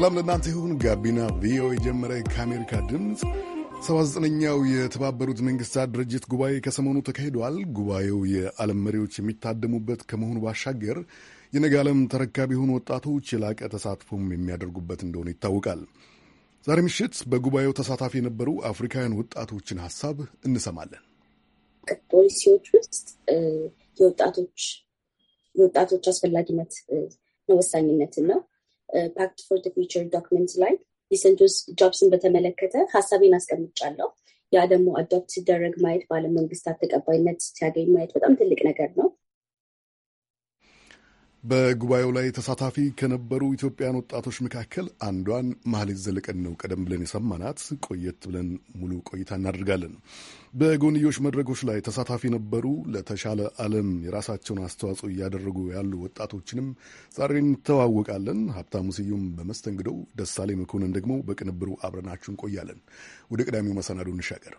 ሰላም ለእናንተ ይሁን። ጋቢና ቪኦኤ ጀመረ። ከአሜሪካ ድምፅ 79ኛው የተባበሩት መንግስታት ድርጅት ጉባኤ ከሰሞኑ ተካሂዷል። ጉባኤው የዓለም መሪዎች የሚታደሙበት ከመሆኑ ባሻገር የነገ ዓለም ተረካቢ የሆኑ ወጣቶች የላቀ ተሳትፎም የሚያደርጉበት እንደሆነ ይታወቃል። ዛሬ ምሽት በጉባኤው ተሳታፊ የነበሩ አፍሪካውያን ወጣቶችን ሀሳብ እንሰማለን። ፖሊሲዎች ውስጥ የወጣቶች የወጣቶች አስፈላጊነት ወሳኝነትን ነው ፓክት ፎር ፊውቸር ዶክመንት ላይ ዲሰንቶስ ጆብስን በተመለከተ ሀሳቤን አስቀምጫለሁ። ያ ደግሞ አዶፕት ሲደረግ ማየት በዓለም መንግስታት ተቀባይነት ሲያገኝ ማየት በጣም ትልቅ ነገር ነው። በጉባኤው ላይ ተሳታፊ ከነበሩ ኢትዮጵያን ወጣቶች መካከል አንዷን ማህሌት ዘለቀን ነው ቀደም ብለን የሰማናት። ቆየት ብለን ሙሉ ቆይታ እናደርጋለን። በጎንዮሽ መድረኮች ላይ ተሳታፊ ነበሩ። ለተሻለ ዓለም የራሳቸውን አስተዋጽኦ እያደረጉ ያሉ ወጣቶችንም ዛሬ እንተዋወቃለን። ሀብታሙ ስዩም በመስተንግደው ደሳሌ መኮንን ደግሞ በቅንብሩ አብረናችሁ እንቆያለን። ወደ ቀዳሚው መሰናዶ እንሻገር።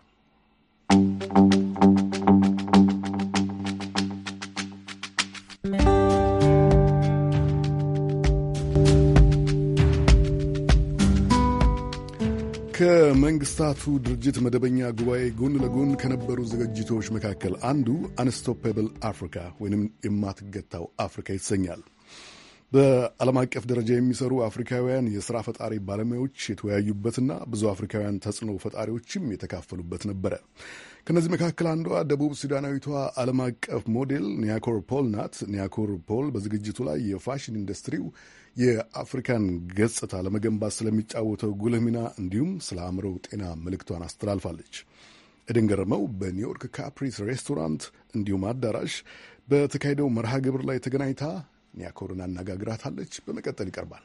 ከመንግስታቱ ድርጅት መደበኛ ጉባኤ ጎን ለጎን ከነበሩ ዝግጅቶች መካከል አንዱ አንስቶፐብል አፍሪካ ወይም የማትገታው አፍሪካ ይሰኛል። በዓለም አቀፍ ደረጃ የሚሰሩ አፍሪካውያን የሥራ ፈጣሪ ባለሙያዎች የተወያዩበትና ብዙ አፍሪካውያን ተጽዕኖ ፈጣሪዎችም የተካፈሉበት ነበረ። ከእነዚህ መካከል አንዷ ደቡብ ሱዳናዊቷ ዓለም አቀፍ ሞዴል ኒያኮር ፖል ናት። ኒያኮር ፖል በዝግጅቱ ላይ የፋሽን ኢንዱስትሪው የአፍሪካን ገጽታ ለመገንባት ስለሚጫወተው ጉልህ ሚና እንዲሁም ስለ አእምሮ ጤና መልእክቷን አስተላልፋለች። ኤደን ገረመው በኒውዮርክ ካፕሪስ ሬስቶራንት እንዲሁም አዳራሽ በተካሄደው መርሃ ግብር ላይ ተገናኝታ ኒያኮርን አነጋግራታለች። በመቀጠል ይቀርባል።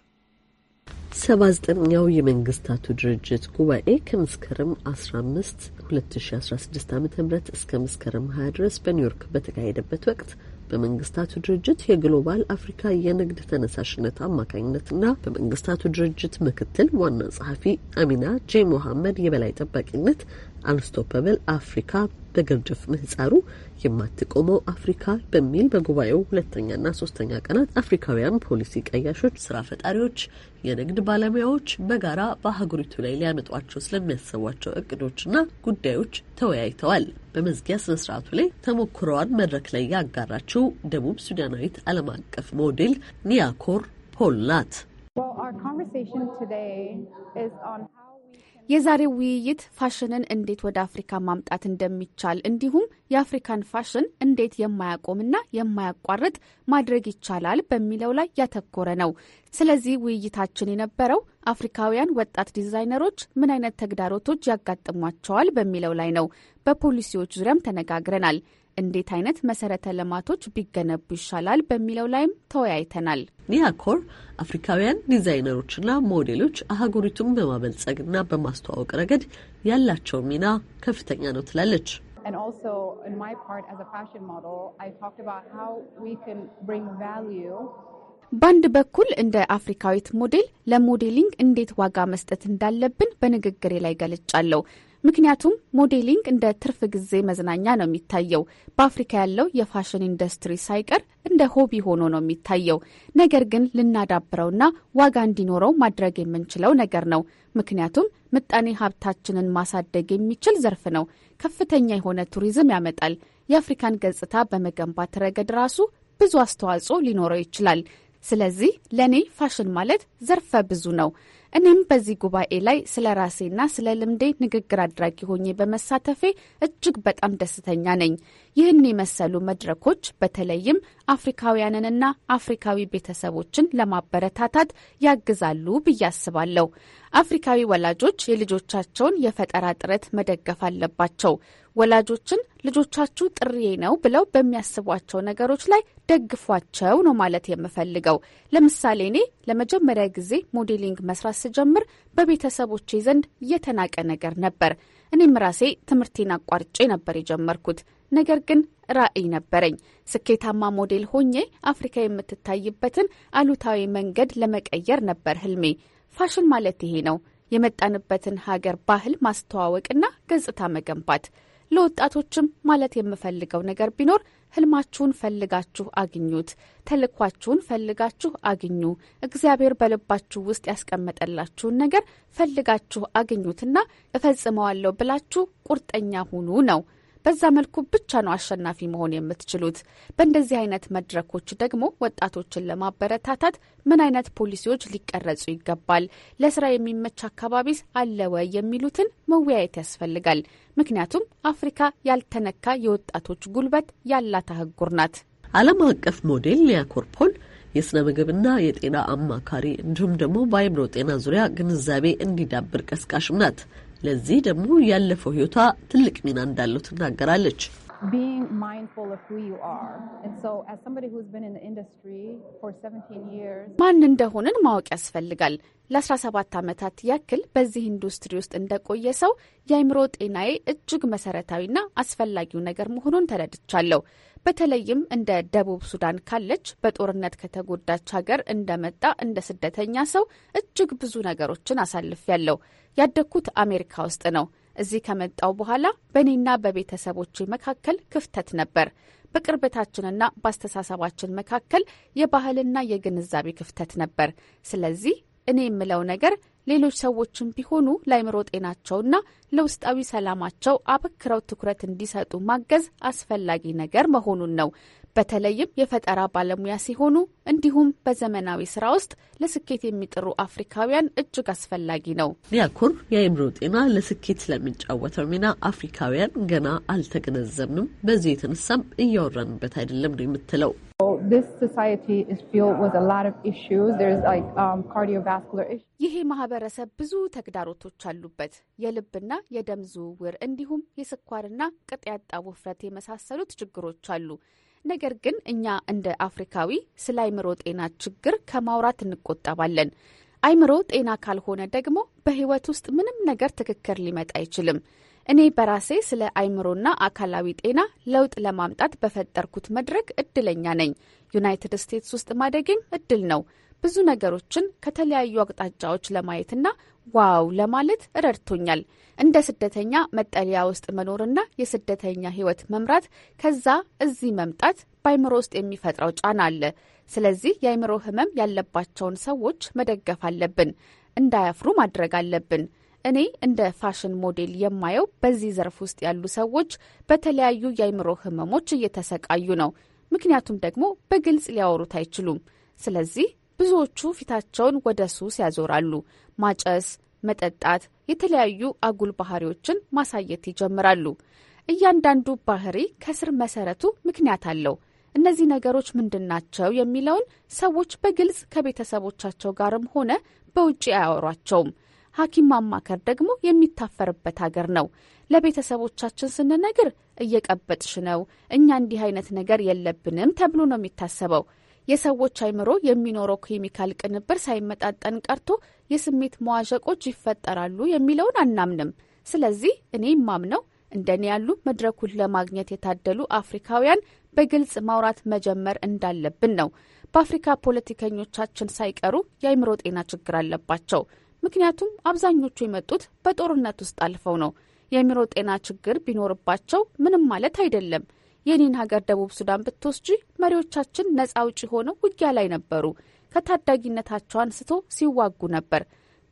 ሰባ ዘጠነኛው የመንግስታቱ ድርጅት ጉባኤ ከመስከረም አስራ አምስት ሁለት ሺ አስራ ስድስት ዓመተ ምህረት እስከ መስከረም ሀያ ድረስ በኒውዮርክ በተካሄደበት ወቅት በመንግስታቱ ድርጅት የግሎባል አፍሪካ የንግድ ተነሳሽነት አማካኝነትና በመንግስታቱ ድርጅት ምክትል ዋና ጸሐፊ አሚና ጄ ሞሐመድ የበላይ ጠባቂነት አንስቶፐብል አፍሪካ በግርድፍ ምህጻሩ የማትቆመው አፍሪካ በሚል በጉባኤው ሁለተኛና ሶስተኛ ቀናት አፍሪካውያን ፖሊሲ ቀያሾች፣ ስራ ፈጣሪዎች፣ የንግድ ባለሙያዎች በጋራ በአህጉሪቱ ላይ ሊያመጧቸው ስለሚያሰቧቸው እቅዶችና ጉዳዮች ተወያይተዋል። በመዝጊያ ስነ ስርዓቱ ላይ ተሞክሮዋን መድረክ ላይ ያጋራችው ደቡብ ሱዳናዊት ዓለም አቀፍ ሞዴል ኒያኮር ፖል ናት። የዛሬው ውይይት ፋሽንን እንዴት ወደ አፍሪካ ማምጣት እንደሚቻል እንዲሁም የአፍሪካን ፋሽን እንዴት የማያቆምና የማያቋርጥ ማድረግ ይቻላል በሚለው ላይ ያተኮረ ነው። ስለዚህ ውይይታችን የነበረው አፍሪካውያን ወጣት ዲዛይነሮች ምን አይነት ተግዳሮቶች ያጋጥሟቸዋል በሚለው ላይ ነው። በፖሊሲዎች ዙሪያም ተነጋግረናል። እንዴት አይነት መሰረተ ልማቶች ቢገነቡ ይሻላል በሚለው ላይም ተወያይተናል። ኒያኮር አፍሪካውያን ዲዛይነሮችና ሞዴሎች አህጉሪቱን በማበልጸግና በማስተዋወቅ ረገድ ያላቸው ሚና ከፍተኛ ነው ትላለች። በአንድ በኩል እንደ አፍሪካዊት ሞዴል ለሞዴሊንግ እንዴት ዋጋ መስጠት እንዳለብን በንግግሬ ላይ ገልጫለሁ። ምክንያቱም ሞዴሊንግ እንደ ትርፍ ጊዜ መዝናኛ ነው የሚታየው። በአፍሪካ ያለው የፋሽን ኢንዱስትሪ ሳይቀር እንደ ሆቢ ሆኖ ነው የሚታየው። ነገር ግን ልናዳብረውና ዋጋ እንዲኖረው ማድረግ የምንችለው ነገር ነው። ምክንያቱም ምጣኔ ሀብታችንን ማሳደግ የሚችል ዘርፍ ነው። ከፍተኛ የሆነ ቱሪዝም ያመጣል። የአፍሪካን ገጽታ በመገንባት ረገድ ራሱ ብዙ አስተዋጽኦ ሊኖረው ይችላል። ስለዚህ ለእኔ ፋሽን ማለት ዘርፈ ብዙ ነው። እኔም በዚህ ጉባኤ ላይ ስለ ራሴና ስለ ልምዴ ንግግር አድራጊ ሆኜ በመሳተፌ እጅግ በጣም ደስተኛ ነኝ። ይህን የመሰሉ መድረኮች በተለይም አፍሪካውያንንና አፍሪካዊ ቤተሰቦችን ለማበረታታት ያግዛሉ ብዬ አስባለሁ። አፍሪካዊ ወላጆች የልጆቻቸውን የፈጠራ ጥረት መደገፍ አለባቸው። ወላጆችን ልጆቻችሁ ጥሬ ነው ብለው በሚያስቧቸው ነገሮች ላይ ደግፏቸው ነው ማለት የምፈልገው። ለምሳሌ እኔ ለመጀመሪያ ጊዜ ሞዴሊንግ መስራት ስጀምር በቤተሰቦቼ ዘንድ የተናቀ ነገር ነበር። እኔም ራሴ ትምህርቴን አቋርጬ ነበር የጀመርኩት። ነገር ግን ራዕይ ነበረኝ። ስኬታማ ሞዴል ሆኜ አፍሪካ የምትታይበትን አሉታዊ መንገድ ለመቀየር ነበር ህልሜ። ፋሽን ማለት ይሄ ነው። የመጣንበትን ሀገር ባህል ማስተዋወቅና ገጽታ መገንባት። ለወጣቶችም ማለት የምፈልገው ነገር ቢኖር ህልማችሁን ፈልጋችሁ አግኙት፣ ተልኳችሁን ፈልጋችሁ አግኙ። እግዚአብሔር በልባችሁ ውስጥ ያስቀመጠላችሁን ነገር ፈልጋችሁ አግኙትና እፈጽመዋለሁ ብላችሁ ቁርጠኛ ሁኑ ነው። በዛ መልኩ ብቻ ነው አሸናፊ መሆን የምትችሉት። በእንደዚህ አይነት መድረኮች ደግሞ ወጣቶችን ለማበረታታት ምን አይነት ፖሊሲዎች ሊቀረጹ ይገባል? ለስራ የሚመች አካባቢስ አለ ወይ? የሚሉትን መወያየት ያስፈልጋል። ምክንያቱም አፍሪካ ያልተነካ የወጣቶች ጉልበት ያላት አህጉር ናት። ዓለም አቀፍ ሞዴል ሊያኮርፖል ኮርፖል የስነ ምግብና የጤና አማካሪ እንዲሁም ደግሞ በአይምሮ ጤና ዙሪያ ግንዛቤ እንዲዳብር ቀስቃሽም ናት። ለዚህ ደግሞ ያለፈው ህይወቷ ትልቅ ሚና እንዳለው ትናገራለች። ማን እንደሆንን ማወቅ ያስፈልጋል። ለ17 ዓመታት ያክል በዚህ ኢንዱስትሪ ውስጥ እንደቆየ ሰው የአይምሮ ጤናዬ እጅግ መሰረታዊና አስፈላጊው ነገር መሆኑን ተረድቻለሁ። በተለይም እንደ ደቡብ ሱዳን ካለች በጦርነት ከተጎዳች ሀገር እንደመጣ እንደ ስደተኛ ሰው እጅግ ብዙ ነገሮችን አሳልፌያለሁ። ያደግኩት አሜሪካ ውስጥ ነው። እዚህ ከመጣው በኋላ በእኔና በቤተሰቦች መካከል ክፍተት ነበር። በቅርበታችንና በአስተሳሰባችን መካከል የባህልና የግንዛቤ ክፍተት ነበር። ስለዚህ እኔ የምለው ነገር ሌሎች ሰዎችም ቢሆኑ ለአይምሮ ጤናቸውና ለውስጣዊ ሰላማቸው አበክረው ትኩረት እንዲሰጡ ማገዝ አስፈላጊ ነገር መሆኑን ነው። በተለይም የፈጠራ ባለሙያ ሲሆኑ እንዲሁም በዘመናዊ ስራ ውስጥ ለስኬት የሚጥሩ አፍሪካውያን እጅግ አስፈላጊ ነው። ሊያኩር የአእምሮ ጤና ለስኬት ስለሚጫወተው ሚና አፍሪካውያን ገና አልተገነዘብንም፣ በዚህ የተነሳም እያወራንበት አይደለም ነው የምትለው። ይሄ ማህበረሰብ ብዙ ተግዳሮቶች አሉበት። የልብና የደም ዝውውር እንዲሁም የስኳርና ቅጥ ያጣ ውፍረት የመሳሰሉት ችግሮች አሉ። ነገር ግን እኛ እንደ አፍሪካዊ ስለ አይምሮ ጤና ችግር ከማውራት እንቆጠባለን። አይምሮ ጤና ካልሆነ ደግሞ በህይወት ውስጥ ምንም ነገር ትክክል ሊመጣ አይችልም። እኔ በራሴ ስለ አይምሮና አካላዊ ጤና ለውጥ ለማምጣት በፈጠርኩት መድረክ እድለኛ ነኝ። ዩናይትድ ስቴትስ ውስጥ ማደግም እድል ነው። ብዙ ነገሮችን ከተለያዩ አቅጣጫዎች ለማየትና ዋው ለማለት ረድቶኛል። እንደ ስደተኛ መጠለያ ውስጥ መኖርና የስደተኛ ህይወት መምራት፣ ከዛ እዚህ መምጣት በአእምሮ ውስጥ የሚፈጥረው ጫና አለ። ስለዚህ የአእምሮ ህመም ያለባቸውን ሰዎች መደገፍ አለብን። እንዳያፍሩ ማድረግ አለብን። እኔ እንደ ፋሽን ሞዴል የማየው በዚህ ዘርፍ ውስጥ ያሉ ሰዎች በተለያዩ የአይምሮ ህመሞች እየተሰቃዩ ነው። ምክንያቱም ደግሞ በግልጽ ሊያወሩት አይችሉም። ስለዚህ ብዙዎቹ ፊታቸውን ወደ ሱስ ያዞራሉ። ማጨስ፣ መጠጣት፣ የተለያዩ አጉል ባህሪዎችን ማሳየት ይጀምራሉ። እያንዳንዱ ባህሪ ከስር መሰረቱ ምክንያት አለው። እነዚህ ነገሮች ምንድናቸው የሚለውን ሰዎች በግልጽ ከቤተሰቦቻቸው ጋርም ሆነ በውጭ አያወሯቸውም። ሐኪም ማማከር ደግሞ የሚታፈርበት ሀገር ነው። ለቤተሰቦቻችን ስንነግር እየቀበጥሽ ነው፣ እኛ እንዲህ አይነት ነገር የለብንም ተብሎ ነው የሚታሰበው። የሰዎች አይምሮ የሚኖረው ኬሚካል ቅንብር ሳይመጣጠን ቀርቶ የስሜት መዋዠቆች ይፈጠራሉ የሚለውን አናምንም። ስለዚህ እኔ ማምነው እንደኔ ያሉ መድረኩን ለማግኘት የታደሉ አፍሪካውያን በግልጽ ማውራት መጀመር እንዳለብን ነው። በአፍሪካ ፖለቲከኞቻችን ሳይቀሩ የአይምሮ ጤና ችግር አለባቸው። ምክንያቱም አብዛኞቹ የመጡት በጦርነት ውስጥ አልፈው ነው። የአእምሮ ጤና ችግር ቢኖርባቸው ምንም ማለት አይደለም። የኔን ሀገር ደቡብ ሱዳን ብትወስጂ መሪዎቻችን ነጻ አውጪ ሆነው ውጊያ ላይ ነበሩ። ከታዳጊነታቸው አንስቶ ሲዋጉ ነበር።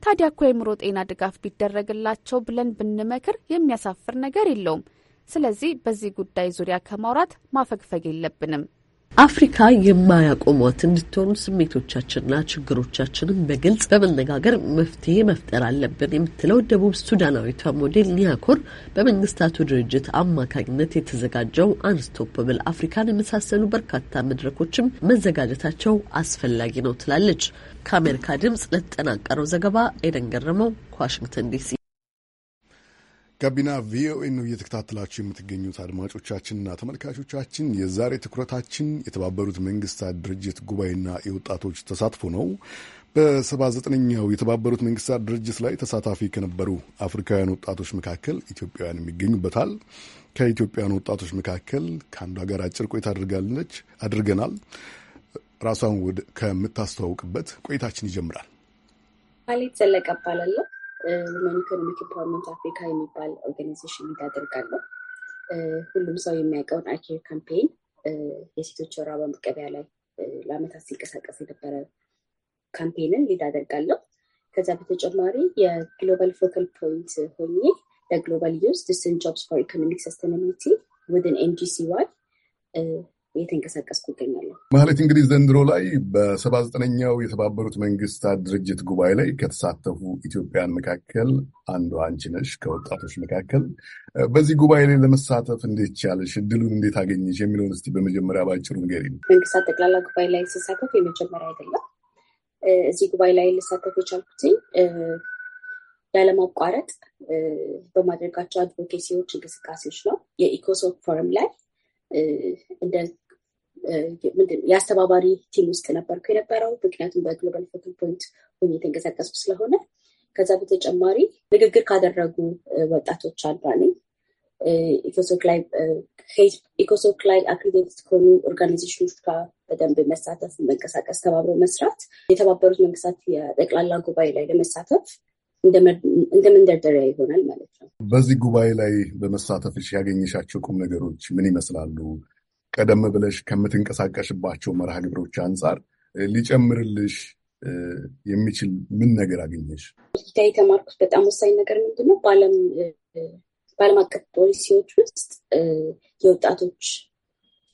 ታዲያ እኮ የአእምሮ ጤና ድጋፍ ቢደረግላቸው ብለን ብንመክር የሚያሳፍር ነገር የለውም። ስለዚህ በዚህ ጉዳይ ዙሪያ ከማውራት ማፈግፈግ የለብንም። አፍሪካ የማያቆሟት እንድትሆኑ ስሜቶቻችንና ችግሮቻችንን በግልጽ በመነጋገር መፍትሄ መፍጠር አለብን የምትለው ደቡብ ሱዳናዊቷ ሞዴል ኒያኮር በመንግስታቱ ድርጅት አማካኝነት የተዘጋጀው አንስቶፕብል አፍሪካን የመሳሰሉ በርካታ መድረኮችም መዘጋጀታቸው አስፈላጊ ነው ትላለች። ከአሜሪካ ድምጽ ለተጠናቀረው ዘገባ ኤደን ገረመው ከዋሽንግተን ዲሲ ጋቢና ቪኦኤ ነው እየተከታተላችሁ የምትገኙት አድማጮቻችንና ተመልካቾቻችን። የዛሬ ትኩረታችን የተባበሩት መንግስታት ድርጅት ጉባኤና የወጣቶች ተሳትፎ ነው። በሰባ ዘጠነኛው የተባበሩት መንግስታት ድርጅት ላይ ተሳታፊ ከነበሩ አፍሪካውያን ወጣቶች መካከል ኢትዮጵያውያን የሚገኙበታል። ከኢትዮጵያውያን ወጣቶች መካከል ከአንዷ ጋር አጭር ቆይታ አድርጋለች አድርገናል። ራሷን ከምታስተዋውቅበት ቆይታችን ይጀምራል። አሌት ዘለቀ እባላለሁ። ውመን ኢኮኖሚክ ኢምፓወርመንት አፍሪካ የሚባል ኦርጋናይዜሽን እንዳደርጋለሁ። ሁሉም ሰው የሚያውቀውን አኬር ካምፔይን የሴቶች ወር አበባ ላይ ለአመታት ሲንቀሳቀስ የነበረ ካምፔይንን ሊድ አደርጋለሁ። ከዛ በተጨማሪ የግሎባል ፎካል ፖይንት ሆኜ ለግሎባል ዩዝ ዲስን ጆብስ ፎር ኢኮኖሚክ ሰስተናብሊቲ ውድን ኤንጂሲዋይ እየተንቀሳቀስኩ ይገኛለሁ። ማለት እንግዲህ ዘንድሮ ላይ በሰባ ዘጠነኛው የተባበሩት መንግስታት ድርጅት ጉባኤ ላይ ከተሳተፉ ኢትዮጵያን መካከል አንዷ አንቺ ነሽ፣ ከወጣቶች መካከል። በዚህ ጉባኤ ላይ ለመሳተፍ እንዴት ቻለሽ? እድሉን እንዴት አገኘሽ? የሚለውን እስኪ በመጀመሪያ ባጭሩ ንገሪ። መንግስታት ጠቅላላ ጉባኤ ላይ ስሳተፍ የመጀመሪያ አይደለም። እዚህ ጉባኤ ላይ ልሳተፍ የቻልኩትኝ ያለማቋረጥ በማድረጋቸው አድቮኬሲዎች እንቅስቃሴዎች ነው። የኢኮሶክ ፎረም ላይ እንደ የአስተባባሪ ቲም ውስጥ ነበርኩ የነበረው ምክንያቱም በግሎባል ፎኪንግ ፖይንት ሆኜ የተንቀሳቀስኩ ስለሆነ ከዛ በተጨማሪ ንግግር ካደረጉ ወጣቶች አንዷ ነኝ። ኢኮሶክ ላይ አክሪዴት ከሆኑ ኦርጋናይዜሽኖች ጋር በደንብ መሳተፍ፣ መንቀሳቀስ፣ ተባብሮ መስራት የተባበሩት መንግስታት የጠቅላላ ጉባኤ ላይ ለመሳተፍ እንደ መንደርደሪያ ይሆናል ማለት ነው። በዚህ ጉባኤ ላይ በመሳተፍ ያገኘሻቸው ቁም ነገሮች ምን ይመስላሉ? ቀደም ብለሽ ከምትንቀሳቀሽባቸው መርሃ ግብሮች አንጻር ሊጨምርልሽ የሚችል ምን ነገር አገኘሽ? ፖለቲካ የተማርኩት በጣም ወሳኝ ነገር ምንድነው፣ በዓለም አቀፍ ፖሊሲዎች ውስጥ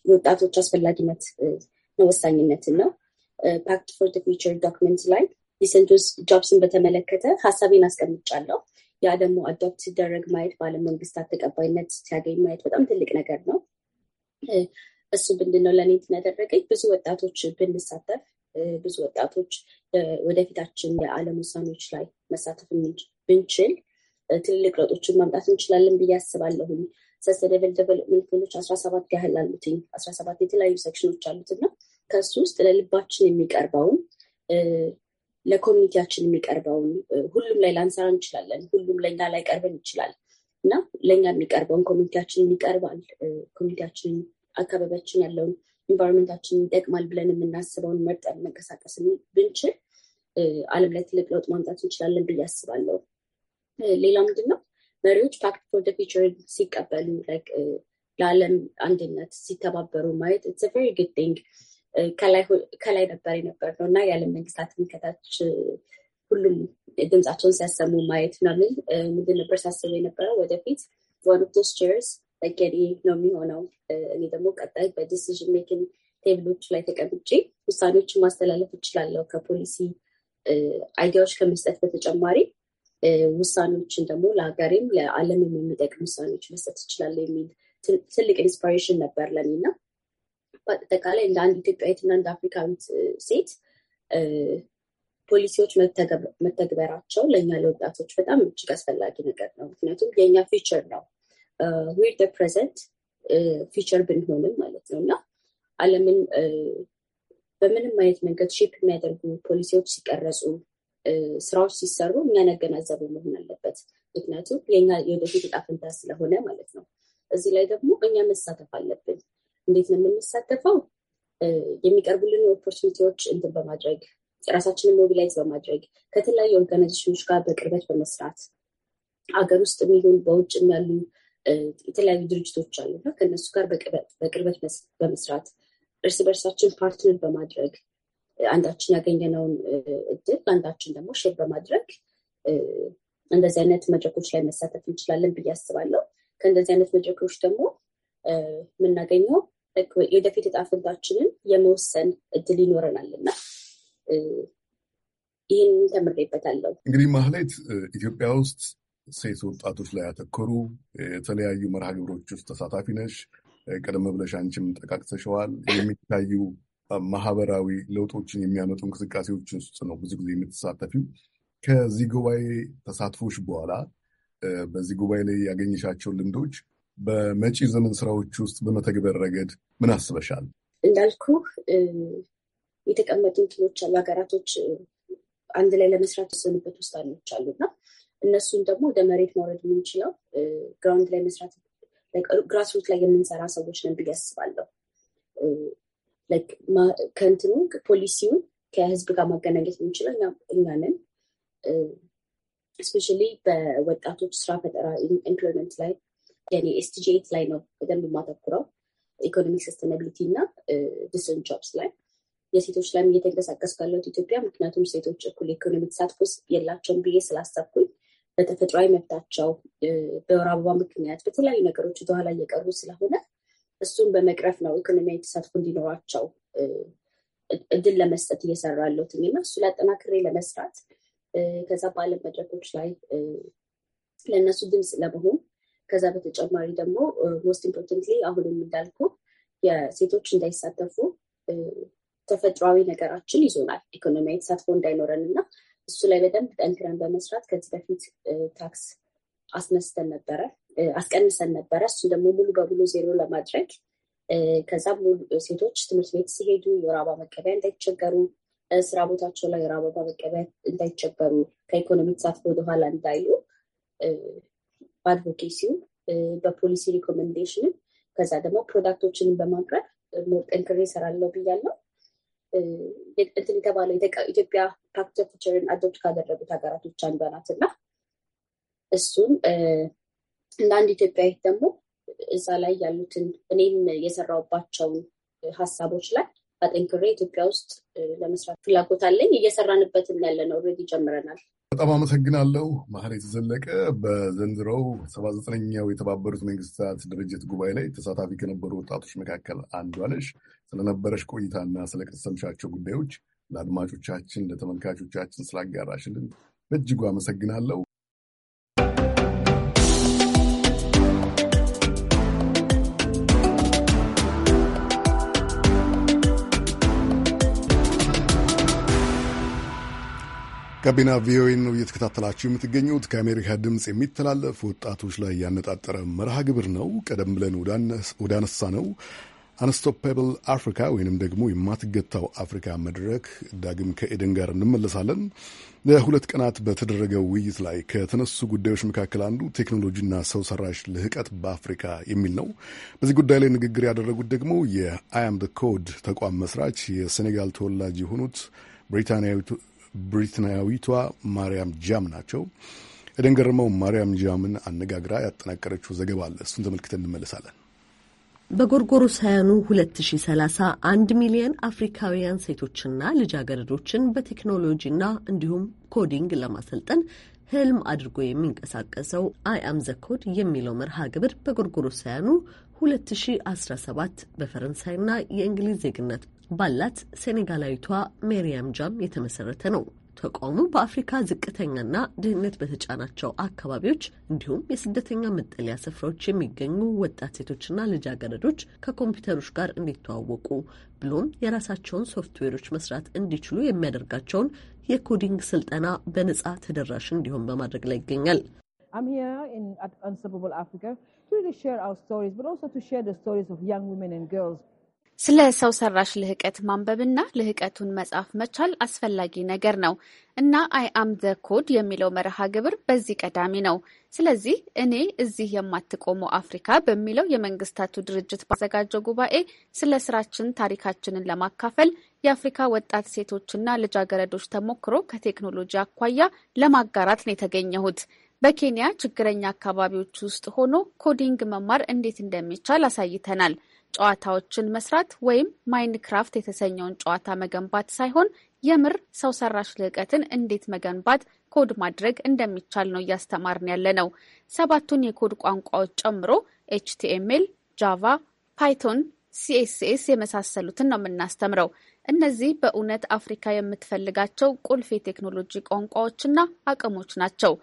የወጣቶች አስፈላጊነት ወሳኝነትን ነው። ፓክት ፎር ፊቸር ዶክመንት ላይ የሴንቶስ ጆብስን በተመለከተ ሀሳቤን አስቀምጫለሁ። ያ ደግሞ አዶፕት ሲደረግ ማየት በዓለም መንግስታት ተቀባይነት ሲያገኝ ማየት በጣም ትልቅ ነገር ነው። እሱ ምንድን ነው ለእኔ እንትን ያደረገኝ ብዙ ወጣቶች ብንሳተፍ ብዙ ወጣቶች ወደፊታችን የዓለም ውሳኔዎች ላይ መሳተፍ ብንችል ትልልቅ ለውጦችን ማምጣት እንችላለን ብዬ አስባለሁኝ። ሰስተደብል ዴቨሎፕመንት ጎሎች አስራ ሰባት ያህል አሉትኝ አስራ ሰባት የተለያዩ ሴክሽኖች አሉትና ከሱ ውስጥ ለልባችን የሚቀርበውን ለኮሚኒቲያችን የሚቀርበውን ሁሉም ላይ ላንሰራ እንችላለን። ሁሉም ለእኛ ላይ ቀርበን ይችላል እና ለእኛ የሚቀርበውን ኮሚኒቲያችን ይቀርባል ኮሚኒቲያችንን አካባቢያችን ያለውን ኢንቫይሮንመንታችንን ይጠቅማል ብለን የምናስበውን መርጠን መንቀሳቀስ ብንችል ዓለም ላይ ትልቅ ለውጥ ማምጣት እንችላለን ብዬ አስባለሁ። ሌላ ምንድን ነው መሪዎች ፓክት ፎር ፊቸር ሲቀበሉ ለዓለም አንድነት ሲተባበሩ ማየት ኢትስ ቨሪ ጉድ ቲንግ። ከላይ ነበር የነበር ነው እና የዓለም መንግስታትን ከታች ሁሉም ድምፃቸውን ሲያሰሙ ማየት ምናምን ምንድን ነበር ሳስበው የነበረው ወደፊት ዋን ኦፍ ዶስ ቼርስ መገዴ ነው የሚሆነው። እኔ ደግሞ ቀጣይ በዲሲዥን ሜኪንግ ቴብሎች ላይ ተቀምጬ ውሳኔዎችን ማስተላለፍ እችላለሁ። ከፖሊሲ አይዲያዎች ከመስጠት በተጨማሪ ውሳኔዎችን ደግሞ ለሀገሬም ለዓለምም የሚጠቅም ውሳኔዎች መስጠት እችላለሁ የሚል ትልቅ ኢንስፓሬሽን ነበር ለኔ እና በአጠቃላይ እንደ አንድ ኢትዮጵያዊትና እንደ አፍሪካዊት ሴት ፖሊሲዎች መተግበራቸው ለእኛ ለወጣቶች በጣም እጅግ አስፈላጊ ነገር ነው። ምክንያቱም የእኛ ፊውቸር ነው ዊር ደ ፕሬዘንት ፊቸር ብንሆንም ማለት ነው እና አለምን በምንም አይነት መንገድ ሼፕ የሚያደርጉ ፖሊሲዎች ሲቀረጹ፣ ስራዎች ሲሰሩ እኛን መሆን አለበት። ምክንያቱም የኛ የወደፊት ዕጣ ፈንታ ስለሆነ ማለት ነው። እዚህ ላይ ደግሞ እኛ መሳተፍ አለብን። እንዴት ነው የምንሳተፈው? የሚቀርቡልን ኦፖርቹኒቲዎች እንትን በማድረግ ራሳችንን ሞቢላይዝ በማድረግ ከተለያዩ ኦርጋናይዜሽኖች ጋር በቅርበት በመስራት አገር ውስጥ የሚሆን በውጭ ያሉ የተለያዩ ድርጅቶች አሉ እና ከእነሱ ጋር በቅርበት በመስራት እርስ በርሳችን ፓርትነር በማድረግ አንዳችን ያገኘነውን እድል አንዳችን ደግሞ ሼር በማድረግ እንደዚህ አይነት መድረኮች ላይ መሳተፍ እንችላለን ብዬ አስባለሁ። ከእንደዚህ አይነት መድረኮች ደግሞ የምናገኘው የወደፊት ዕጣ ፈንታችንን የመወሰን እድል ይኖረናል እና ይህን ተምሬበታለሁ። እንግዲህ ማህሌት ኢትዮጵያ ውስጥ ሴት ወጣቶች ላይ ያተኮሩ የተለያዩ መርሃ ግብሮች ውስጥ ተሳታፊ ነሽ። ቀደም ብለሽ አንቺም ጠቃቅሰሸዋል። የሚታዩ ማህበራዊ ለውጦችን የሚያመጡ እንቅስቃሴዎች ውስጥ ነው ብዙ ጊዜ የምትሳተፊው። ከዚህ ጉባኤ ተሳትፎች በኋላ በዚህ ጉባኤ ላይ ያገኘሻቸው ልምዶች በመጪ ዘመን ስራዎች ውስጥ በመተግበር ረገድ ምን አስበሻል? እንዳልኩ የተቀመጡ እንትኖች አሉ ሀገራቶች አንድ ላይ ለመስራት ወሰኑበት ውሳኔዎች አሉና እነሱን ደግሞ ወደ መሬት ማውረድ የምንችለው ግራውንድ ላይ መስራት ግራስሩት ላይ የምንሰራ ሰዎች ነን ብዬ አስባለሁ። ከእንትኑ ፖሊሲውን ከህዝብ ጋር ማገናኘት የምንችለው እኛንን እስፔሻሊ በወጣቶች ስራ ፈጠራ ኤምፕሎይመንት ላይ የኔ ኤስቲጂኤት ላይ ነው በደንብ የማተኩረው ኢኮኖሚክ ሰስተናቢሊቲ እና ዲሰንት ጆብስ ላይ የሴቶች ላይም እየተንቀሳቀስኩ ያለሁት ኢትዮጵያ ምክንያቱም ሴቶች እኩል ኢኮኖሚ ተሳትፎ የላቸውም ብዬ ስላሰብኩኝ በተፈጥሯዊ መብታቸው በወር አበባ ምክንያት በተለያዩ ነገሮች ወደኋላ እየቀሩ ስለሆነ እሱን በመቅረፍ ነው ኢኮኖሚያዊ ተሳትፎ እንዲኖራቸው እድል ለመስጠት እየሰራ ያለሁትኝ እና እሱ ለአጠናክሬ ለመስራት ከዛ በዓለም መድረኮች ላይ ለእነሱ ድምፅ ለመሆን ከዛ በተጨማሪ ደግሞ ሞስት ኢምፖርተንትሊ አሁንም እንዳልኩ የሴቶች እንዳይሳተፉ ተፈጥሯዊ ነገራችን ይዞናል ኢኮኖሚያዊ ተሳትፎ እንዳይኖረን እና እሱ ላይ በደንብ ጠንክረን በመስራት ከዚህ በፊት ታክስ አስነስተን ነበረ አስቀንሰን ነበረ። እሱን ደግሞ ሙሉ በሙሉ ዜሮ ለማድረግ ከዛ ሴቶች ትምህርት ቤት ሲሄዱ የወር አበባ መቀበያ እንዳይቸገሩ፣ ስራ ቦታቸው ላይ የወር አበባ መቀበያ እንዳይቸገሩ፣ ከኢኮኖሚ ተሳትፎ ወደኋላ እንዳዩ በአድቮኬሲው በፖሊሲ ሪኮሜንዴሽንም ከዛ ደግሞ ፕሮዳክቶችንም በማቅረብ ጠንክሬ እሰራለሁ ብያለሁ። እንትን የተባለው ኢትዮጵያ ፕራክቲካል ቲቸርን አዶፕት ካደረጉት ሀገራቶች አንዷ ናት እና እሱን እንደ አንድ ኢትዮጵያዊት ደግሞ እዛ ላይ ያሉትን እኔም የሰራውባቸውን ሀሳቦች ላይ አጠንክሬ ኢትዮጵያ ውስጥ ለመስራት ፍላጎት አለኝ። እየሰራንበትም ያለ ነው። ኦልሬዲ ጀምረናል። በጣም አመሰግናለሁ ማህሌት የተዘለቀ በዘንድሮው ሰባ ዘጠነኛው የተባበሩት መንግስታት ድርጅት ጉባኤ ላይ ተሳታፊ ከነበሩ ወጣቶች መካከል አንዷ ነሽ። ስለነበረች ቆይታና ስለቀሰምሻቸው ጉዳዮች ለአድማጮቻችን፣ ለተመልካቾቻችን ስላጋራሽልን በእጅጉ አመሰግናለሁ። ጋቢና ቪኦኤ ነው እየተከታተላችሁ የምትገኙት። ከአሜሪካ ድምፅ የሚተላለፍ ወጣቶች ላይ ያነጣጠረ መርሃ ግብር ነው። ቀደም ብለን ወዳነሳ ነው አንስቶፓብል አፍሪካ ወይንም ደግሞ የማትገታው አፍሪካ መድረክ ዳግም ከኤደን ጋር እንመለሳለን። ለሁለት ቀናት በተደረገው ውይይት ላይ ከተነሱ ጉዳዮች መካከል አንዱ ቴክኖሎጂና ሰው ሰራሽ ልህቀት በአፍሪካ የሚል ነው። በዚህ ጉዳይ ላይ ንግግር ያደረጉት ደግሞ የአያም ዘ ኮድ ተቋም መስራች የሴኔጋል ተወላጅ የሆኑት ብሪታንያዊቷ ማርያም ጃም ናቸው። ኤደን ገርመው ማርያም ጃምን አነጋግራ ያጠናቀረችው ዘገባ አለ። እሱን ተመልክተን እንመለሳለን። በጎርጎሮሳውያኑ 2030 አንድ ሚሊየን አፍሪካውያን ሴቶችና ልጃገረዶችን በቴክኖሎጂና እንዲሁም ኮዲንግ ለማሰልጠን ህልም አድርጎ የሚንቀሳቀሰው አይ አም ዘ ኮድ የሚለው መርሃ ግብር በጎርጎሮሳውያኑ 2017 በፈረንሳይና የእንግሊዝ ዜግነት ባላት ሴኔጋላዊቷ ሜሪያም ጃም የተመሰረተ ነው። ተቋሙ በአፍሪካ ዝቅተኛና ድህነት በተጫናቸው አካባቢዎች እንዲሁም የስደተኛ መጠለያ ስፍራዎች የሚገኙ ወጣት ሴቶችና ልጃገረዶች ከኮምፒውተሮች ጋር እንዲተዋወቁ ብሎም የራሳቸውን ሶፍትዌሮች መስራት እንዲችሉ የሚያደርጋቸውን የኮዲንግ ስልጠና በነጻ ተደራሽ እንዲሆን በማድረግ ላይ ይገኛል። አፍሪካ ስለ ሰው ሰራሽ ልህቀት ማንበብና ልህቀቱን መጻፍ መቻል አስፈላጊ ነገር ነው እና አይ አም ዘ ኮድ የሚለው መርሃ ግብር በዚህ ቀዳሚ ነው። ስለዚህ እኔ እዚህ የማትቆመው አፍሪካ በሚለው የመንግስታቱ ድርጅት ባዘጋጀው ጉባኤ ስለ ስራችን ታሪካችንን ለማካፈል የአፍሪካ ወጣት ሴቶችና ልጃገረዶች ተሞክሮ ከቴክኖሎጂ አኳያ ለማጋራት ነው የተገኘሁት። በኬንያ ችግረኛ አካባቢዎች ውስጥ ሆኖ ኮዲንግ መማር እንዴት እንደሚቻል አሳይተናል። ጨዋታዎችን መስራት ወይም ማይንክራፍት የተሰኘውን ጨዋታ መገንባት ሳይሆን የምር ሰው ሰራሽ ልዕቀትን እንዴት መገንባት ኮድ ማድረግ እንደሚቻል ነው እያስተማርን ያለ ነው። ሰባቱን የኮድ ቋንቋዎች ጨምሮ ኤችቲኤምኤል፣ ጃቫ፣ ፓይቶን፣ ሲኤስኤስ የመሳሰሉትን ነው የምናስተምረው። እነዚህ በእውነት አፍሪካ የምትፈልጋቸው ቁልፍ የቴክኖሎጂ ቋንቋዎችና አቅሞች ናቸው።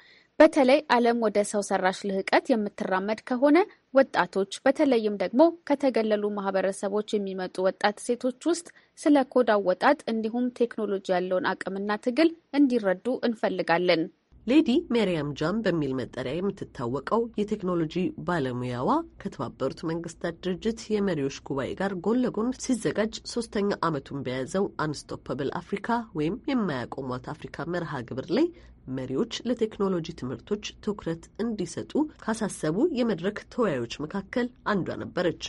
በተለይ ዓለም ወደ ሰው ሰራሽ ልህቀት የምትራመድ ከሆነ ወጣቶች በተለይም ደግሞ ከተገለሉ ማህበረሰቦች የሚመጡ ወጣት ሴቶች ውስጥ ስለ ኮድ አወጣጥ እንዲሁም ቴክኖሎጂ ያለውን አቅምና ትግል እንዲረዱ እንፈልጋለን። ሌዲ ሜሪያም ጃም በሚል መጠሪያ የምትታወቀው የቴክኖሎጂ ባለሙያዋ ከተባበሩት መንግስታት ድርጅት የመሪዎች ጉባኤ ጋር ጎን ለጎን ሲዘጋጅ ሶስተኛ ዓመቱን በያዘው አንስቶፐብል አፍሪካ ወይም የማያቆሟት አፍሪካ መርሃ ግብር ላይ መሪዎች ለቴክኖሎጂ ትምህርቶች ትኩረት እንዲሰጡ ካሳሰቡ የመድረክ ተወያዮች መካከል አንዷ ነበረች።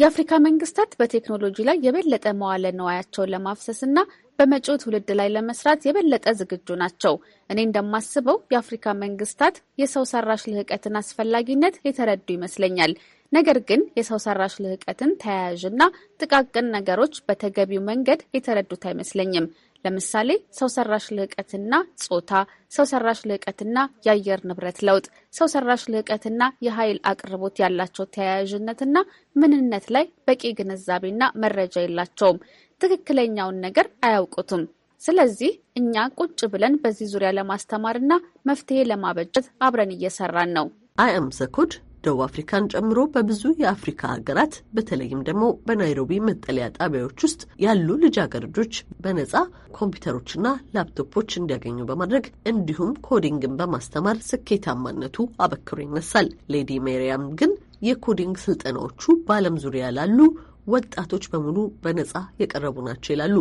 የአፍሪካ መንግስታት በቴክኖሎጂ ላይ የበለጠ መዋለ ንዋያቸውን ለማፍሰስና በመጪው ትውልድ ላይ ለመስራት የበለጠ ዝግጁ ናቸው። እኔ እንደማስበው የአፍሪካ መንግስታት የሰው ሰራሽ ልህቀትን አስፈላጊነት የተረዱ ይመስለኛል። ነገር ግን የሰው ሰራሽ ልህቀትን ተያያዥና ጥቃቅን ነገሮች በተገቢው መንገድ የተረዱት አይመስለኝም። ለምሳሌ ሰው ሰራሽ ልዕቀትና ጾታ፣ ሰው ሰራሽ ልዕቀትና የአየር ንብረት ለውጥ፣ ሰው ሰራሽ ልዕቀትና የኃይል አቅርቦት ያላቸው ተያያዥነትና ምንነት ላይ በቂ ግንዛቤና መረጃ የላቸውም። ትክክለኛውን ነገር አያውቁትም። ስለዚህ እኛ ቁጭ ብለን በዚህ ዙሪያ ለማስተማርና መፍትሄ ለማበጀት አብረን እየሰራን ነው። አይ አም ደቡብ አፍሪካን ጨምሮ በብዙ የአፍሪካ ሀገራት በተለይም ደግሞ በናይሮቢ መጠለያ ጣቢያዎች ውስጥ ያሉ ልጃገረዶች በነጻ ኮምፒውተሮችና ላፕቶፖች እንዲያገኙ በማድረግ እንዲሁም ኮዲንግን በማስተማር ስኬታማነቱ አበክሮ ይነሳል። ሌዲ ሜሪያም ግን የኮዲንግ ስልጠናዎቹ በዓለም ዙሪያ ላሉ ወጣቶች በሙሉ በነጻ የቀረቡ ናቸው ይላሉ።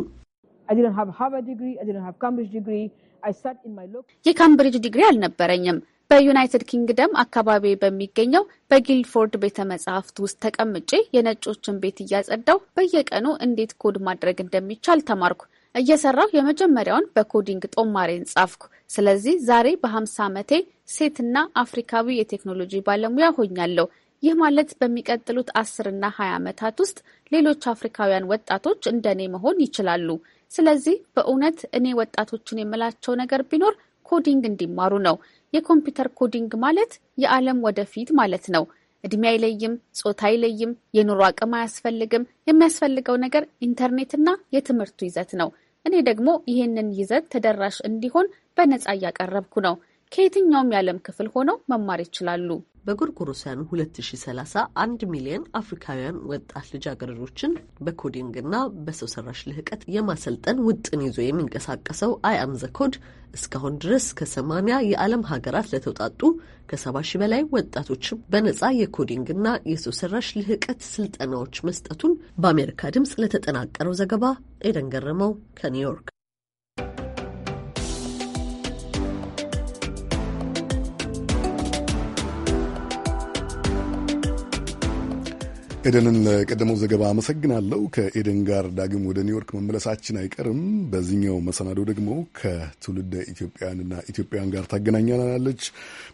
የካምብሪጅ ዲግሪ አልነበረኝም። በዩናይትድ ኪንግደም አካባቢ በሚገኘው በጊልፎርድ ቤተ መጽሐፍት ውስጥ ተቀምጬ የነጮችን ቤት እያጸዳው በየቀኑ እንዴት ኮድ ማድረግ እንደሚቻል ተማርኩ። እየሰራው የመጀመሪያውን በኮዲንግ ጦማሬን ጻፍኩ። ስለዚህ ዛሬ በ50 ዓመቴ ሴትና አፍሪካዊ የቴክኖሎጂ ባለሙያ ሆኛለሁ። ይህ ማለት በሚቀጥሉት አስርና ሀያ ዓመታት ውስጥ ሌሎች አፍሪካውያን ወጣቶች እንደኔ መሆን ይችላሉ። ስለዚህ በእውነት እኔ ወጣቶችን የምላቸው ነገር ቢኖር ኮዲንግ እንዲማሩ ነው። የኮምፒውተር ኮዲንግ ማለት የዓለም ወደፊት ማለት ነው። እድሜ አይለይም፣ ጾታ አይለይም፣ የኑሮ አቅም አያስፈልግም። የሚያስፈልገው ነገር ኢንተርኔትና የትምህርቱ ይዘት ነው። እኔ ደግሞ ይህንን ይዘት ተደራሽ እንዲሆን በነጻ እያቀረብኩ ነው። ከየትኛውም የዓለም ክፍል ሆነው መማር ይችላሉ። በጎርጎሮሳውያኑ 2030 አንድ ሚሊዮን አፍሪካውያን ወጣት ልጃገረዶችን በኮዲንግና በሰው ሰራሽ ልህቀት የማሰልጠን ውጥን ይዞ የሚንቀሳቀሰው አይ ዘ ኮድ እስካሁን ድረስ ከሰማንያ የዓለም ሀገራት ለተውጣጡ ከሰባ ሺህ በላይ ወጣቶችም በነጻ የኮዲንግና የሰው ሰራሽ ልህቀት ስልጠናዎች መስጠቱን በአሜሪካ ድምፅ ለተጠናቀረው ዘገባ ኤደን ገረመው ከኒውዮርክ ኤደንን ለቀደመው ዘገባ አመሰግናለሁ። ከኤደን ጋር ዳግም ወደ ኒውዮርክ መመለሳችን አይቀርም። በዚህኛው መሰናዶ ደግሞ ከትውልደ ኢትዮጵያውያንና ኢትዮጵያውያን ጋር ታገናኛናለች።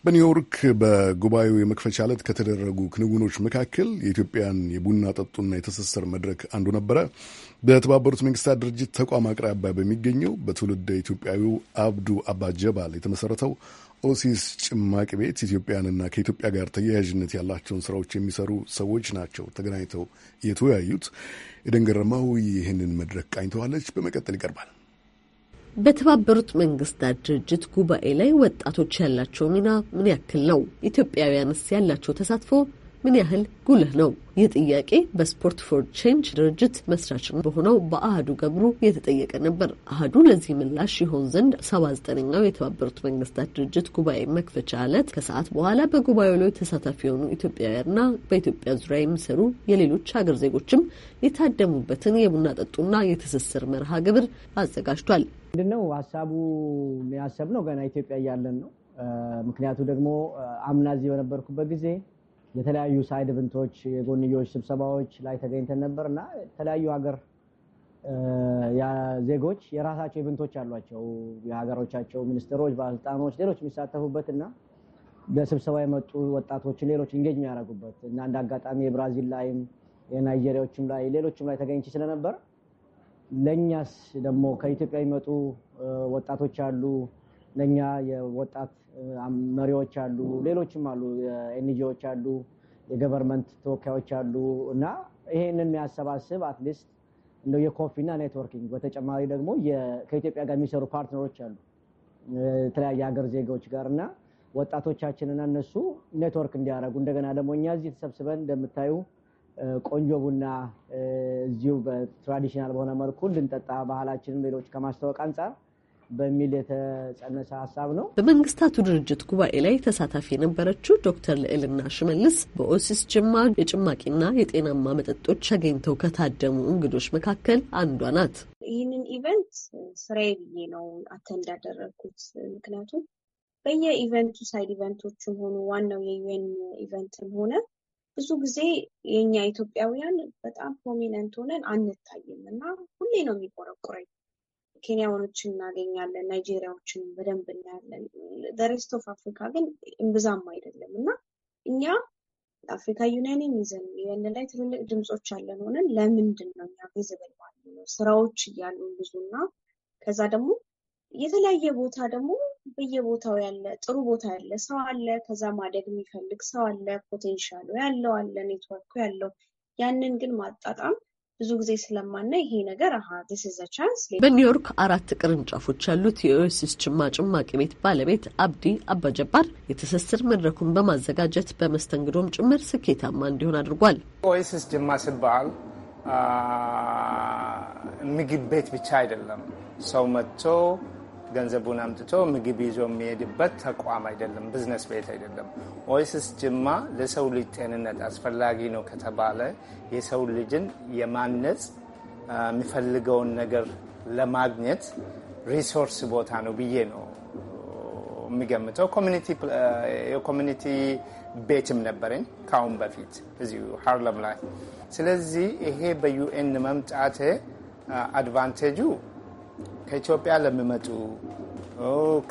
በኒውዮርክ በጉባኤው የመክፈቻ ዕለት ከተደረጉ ክንውኖች መካከል የኢትዮጵያን የቡና ጠጡና የትስስር መድረክ አንዱ ነበረ። በተባበሩት መንግስታት ድርጅት ተቋም አቅራቢያ በሚገኘው በትውልደ ኢትዮጵያዊው አብዱ አባጀባል የተመሰረተው ኦሲስ ጭማቂ ቤት ኢትዮጵያንና ከኢትዮጵያ ጋር ተያያዥነት ያላቸውን ስራዎች የሚሰሩ ሰዎች ናቸው ተገናኝተው የተወያዩት። የደንገረማው ይህንን መድረክ ቃኝተዋለች። በመቀጠል ይቀርባል። በተባበሩት መንግስታት ድርጅት ጉባኤ ላይ ወጣቶች ያላቸው ሚና ምን ያክል ነው? ኢትዮጵያውያንስ ያላቸው ተሳትፎ ምን ያህል ጉልህ ነው? ይህ ጥያቄ በስፖርት ፎር ቼንጅ ድርጅት መስራች በሆነው በአህዱ ገብሩ የተጠየቀ ነበር። አህዱ ለዚህ ምላሽ ይሆን ዘንድ ሰባ ዘጠነኛው የተባበሩት መንግስታት ድርጅት ጉባኤ መክፈቻ ዕለት ከሰዓት በኋላ በጉባኤው ላይ ተሳታፊ የሆኑ ኢትዮጵያውያንና በኢትዮጵያ ዙሪያ የሚሰሩ የሌሎች ሀገር ዜጎችም የታደሙበትን የቡና ጠጡና የትስስር መርሃ ግብር አዘጋጅቷል። ምንድነው ሀሳቡ? ነው ገና ኢትዮጵያ እያለን ነው። ምክንያቱ ደግሞ አምናዚ በነበርኩበት ጊዜ የተለያዩ ሳይድ ብንቶች የጎንዮች ስብሰባዎች ላይ ተገኝተን ነበር እና የተለያዩ ሀገር ዜጎች የራሳቸው ኢቨንቶች አሏቸው። የሀገሮቻቸው ሚኒስትሮች፣ ባለስልጣኖች፣ ሌሎች የሚሳተፉበት እና ለስብሰባ የመጡ ወጣቶችን ሌሎች እንጌጅ የሚያደርጉበት እና እንደ አጋጣሚ የብራዚል ላይም የናይጄሪያዎችም ላይ ሌሎችም ላይ ተገኝች ስለነበር ለእኛስ ደግሞ ከኢትዮጵያ የሚመጡ ወጣቶች አሉ። ለእኛ የወጣት መሪዎች አሉ፣ ሌሎችም አሉ፣ ኤንጂዎች አሉ፣ የገቨርንመንት ተወካዮች አሉ እና ይሄንን የሚያሰባስብ አትሊስት እንደ የኮፊ ኔትወርኪንግ በተጨማሪ ደግሞ ከኢትዮጵያ ጋር የሚሰሩ ፓርትነሮች አሉ የተለያየ ሀገር ዜጋዎች ጋር እና ወጣቶቻችንና እነሱ ኔትወርክ እንዲያደርጉ እንደገና ደግሞ እኛ እዚህ ተሰብስበን እንደምታዩ ቆንጆ ቡና እዚሁ በትራዲሽናል በሆነ መልኩ እንድንጠጣ ባህላችንን ሌሎች ከማስታወቅ አንጻር በሚል የተጸነሰ ሀሳብ ነው። በመንግስታቱ ድርጅት ጉባኤ ላይ ተሳታፊ የነበረችው ዶክተር ልዕልና ሽመልስ በኦሲስ ጅማ የጭማቂና የጤናማ መጠጦች አገኝተው ከታደሙ እንግዶች መካከል አንዷ ናት። ይህንን ኢቨንት ስራዬ ብዬ ነው አተንድ ያደረግኩት። ምክንያቱም በየኢቨንቱ ሳይድ ኢቨንቶችም ሆኑ ዋናው የዩኤን ኢቨንትም ሆነ ብዙ ጊዜ የኛ ኢትዮጵያውያን በጣም ፕሮሚነንት ሆነን አንታይም እና ሁሌ ነው የሚቆረቁረኝ። ኬንያውያኖችን እናገኛለን፣ ናይጄሪያዎችን በደንብ እናያለን። ለሬስት ኦፍ አፍሪካ ግን እምብዛም አይደለም እና እኛ አፍሪካ ዩኒየንን ይዘን ዩኤን ላይ ትልልቅ ድምፆች ያለን ሆነን ለምንድን ነው እኛ ቪዝብል ማለት ነው ስራዎች እያሉ ብዙ እና ከዛ ደግሞ የተለያየ ቦታ ደግሞ በየቦታው ያለ ጥሩ ቦታ ያለ ሰው አለ። ከዛ ማደግ የሚፈልግ ሰው አለ። ፖቴንሻሉ ያለው አለ፣ ኔትወርኩ ያለው ያንን ግን ማጣጣም ብዙ ጊዜ ስለማና ይሄ ነገር በኒውዮርክ አራት ቅርንጫፎች ያሉት የኦኤስስ ጭማ ጭማቂ ቤት ባለቤት አብዲ አባጀባር የትስስር መድረኩን በማዘጋጀት በመስተንግዶም ጭምር ስኬታማ እንዲሆን አድርጓል። ኦኤስስ ጅማ ሲባል ምግብ ቤት ብቻ አይደለም ሰው መጥቶ ገንዘቡን አምጥቶ ምግብ ይዞ የሚሄድበት ተቋም አይደለም፣ ብዝነስ ቤት አይደለም። ኦይስስ ጅማ ለሰው ልጅ ጤንነት አስፈላጊ ነው ከተባለ የሰው ልጅን የማነጽ የሚፈልገውን ነገር ለማግኘት ሪሶርስ ቦታ ነው ብዬ ነው የሚገምተው። የኮሚኒቲ ቤትም ነበረኝ ከአሁን በፊት እዚሁ ሀርለም ላይ። ስለዚህ ይሄ በዩኤን መምጣቴ አድቫንቴጁ ከኢትዮጵያ ለሚመጡ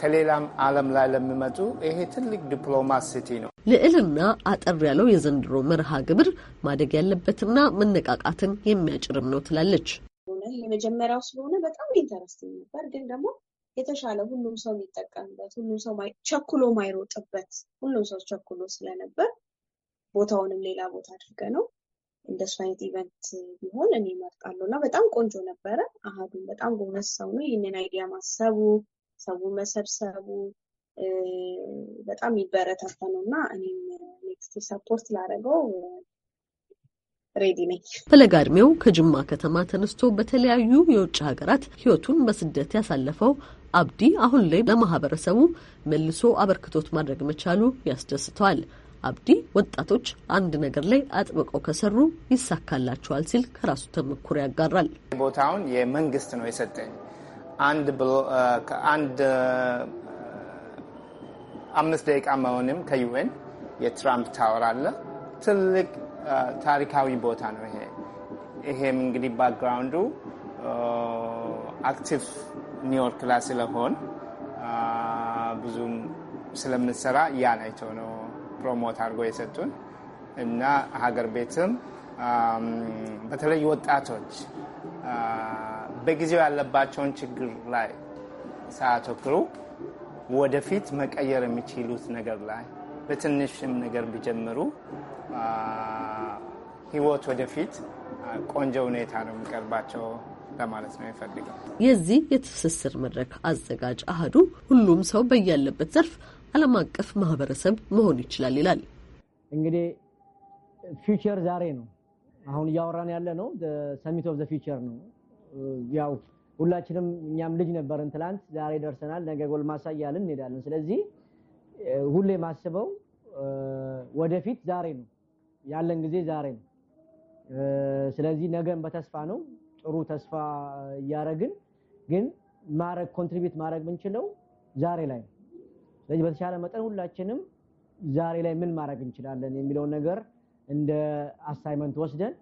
ከሌላም ዓለም ላይ ለሚመጡ ይሄ ትልቅ ሲቲ ነው። ልዕልና አጠር ያለው የዘንድሮ መርሃ ግብር ማደግ ያለበትና መነቃቃትን የሚያጭርም ነው ትላለች። የመጀመሪያው ስለሆነ በጣም ኢንተረስቲንግ ነበር፣ ግን ደግሞ የተሻለ ሁሉም ሰው የሚጠቀምበት ሁሉም ሰው ቸኩሎ ማይሮጥበት ሁሉም ሰው ቸኩሎ ስለነበር ቦታውንም ሌላ ቦታ አድርገ ነው እንደሱ አይነት ኢቨንት ቢሆን እኔ እመርጣለሁ እና በጣም ቆንጆ ነበረ። አህዱን በጣም ጎበዝ ሰው ነው። ይህንን አይዲያ ማሰቡ፣ ሰው መሰብሰቡ በጣም ይበረታታ ነው እና እኔም ኔክስት ሰፖርት ላደረገው ሬዲ ነኝ። ፈለጋ ከጅማ ከተማ ተነስቶ በተለያዩ የውጭ ሀገራት ህይወቱን በስደት ያሳለፈው አብዲ አሁን ላይ ለማህበረሰቡ መልሶ አበርክቶት ማድረግ መቻሉ ያስደስተዋል። አብዲ ወጣቶች አንድ ነገር ላይ አጥብቀው ከሰሩ ይሳካላቸዋል ሲል ከራሱ ተመኩር ያጋራል። ቦታውን የመንግስት ነው የሰጠኝ አንድ አምስት ደቂቃ መሆንም ከዩኤን የትራምፕ ታወር አለ። ትልቅ ታሪካዊ ቦታ ነው ይሄ። ይሄም እንግዲህ ባክግራውንዱ አክቲቭ ኒውዮርክ ላይ ስለሆን ብዙም ስለምንሰራ ያን አይቶ ነው ፕሮሞት አድርገው የሰጡን እና ሀገር ቤትም በተለይ ወጣቶች በጊዜው ያለባቸውን ችግር ላይ ሳያተክሩ ወደፊት መቀየር የሚችሉት ነገር ላይ በትንሽም ነገር ቢጀምሩ ህይወት ወደፊት ቆንጆ ሁኔታ ነው የሚቀርባቸው ለማለት ነው የፈልገው። የዚህ የትስስር መድረክ አዘጋጅ አህዱ ሁሉም ሰው በያለበት ዘርፍ ዓለም አቀፍ ማህበረሰብ መሆን ይችላል ይላል። እንግዲህ ፊውቸር ዛሬ ነው። አሁን እያወራን ያለ ነው ሰሚት ኦፍ ዘ ፊውቸር ነው። ያው ሁላችንም እኛም ልጅ ነበርን ትላንት፣ ዛሬ ደርሰናል፣ ነገ ጎልማሳ እያልን እንሄዳለን። ስለዚህ ሁሌ ማስበው ወደፊት ዛሬ ነው ያለን ጊዜ ዛሬ ነው። ስለዚህ ነገን በተስፋ ነው ጥሩ ተስፋ እያረግን ግን ማረግ ኮንትሪቢዩት ማድረግ ምንችለው ዛሬ ላይ ነው። ስለዚህ በተሻለ መጠን ሁላችንም ዛሬ ላይ ምን ማድረግ እንችላለን የሚለውን ነገር እንደ አሳይመንት ወስደን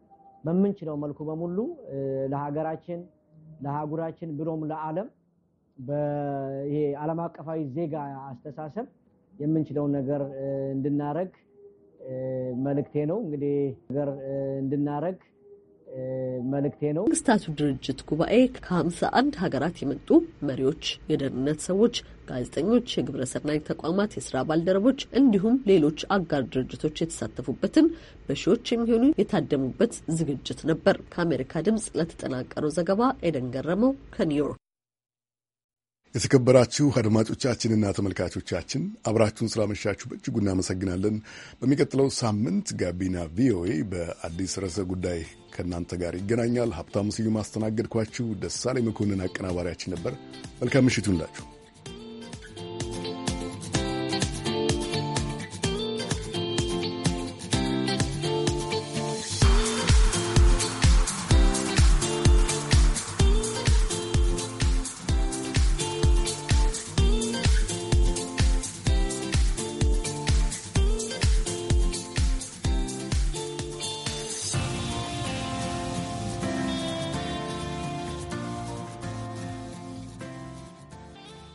በምንችለው መልኩ በሙሉ ለሀገራችን፣ ለአህጉራችን ብሎም ለዓለም ይሄ ዓለም አቀፋዊ ዜጋ አስተሳሰብ የምንችለውን ነገር እንድናረግ መልእክቴ ነው። እንግዲህ ነገር እንድናረግ መልእክቴ ነው። መንግስታቱ ድርጅት ጉባኤ ከሀምሳ አንድ ሀገራት የመጡ መሪዎች፣ የደህንነት ሰዎች፣ ጋዜጠኞች፣ የግብረ ሰናይ ተቋማት የስራ ባልደረቦች እንዲሁም ሌሎች አጋር ድርጅቶች የተሳተፉበትን በሺዎች የሚሆኑ የታደሙበት ዝግጅት ነበር። ከአሜሪካ ድምጽ ለተጠናቀረው ዘገባ ኤደን ገረመው ከኒውዮርክ የተከበራችሁ አድማጮቻችንና ተመልካቾቻችን አብራችሁን ስላመሻችሁ በእጅጉ እናመሰግናለን። በሚቀጥለው ሳምንት ጋቢና ቪኦኤ በአዲስ ርዕሰ ጉዳይ ከእናንተ ጋር ይገናኛል። ሀብታሙ ስዩም አስተናገድኳችሁ። ደሳሌ መኮንን አቀናባሪያችን ነበር። መልካም ምሽቱን ላችሁ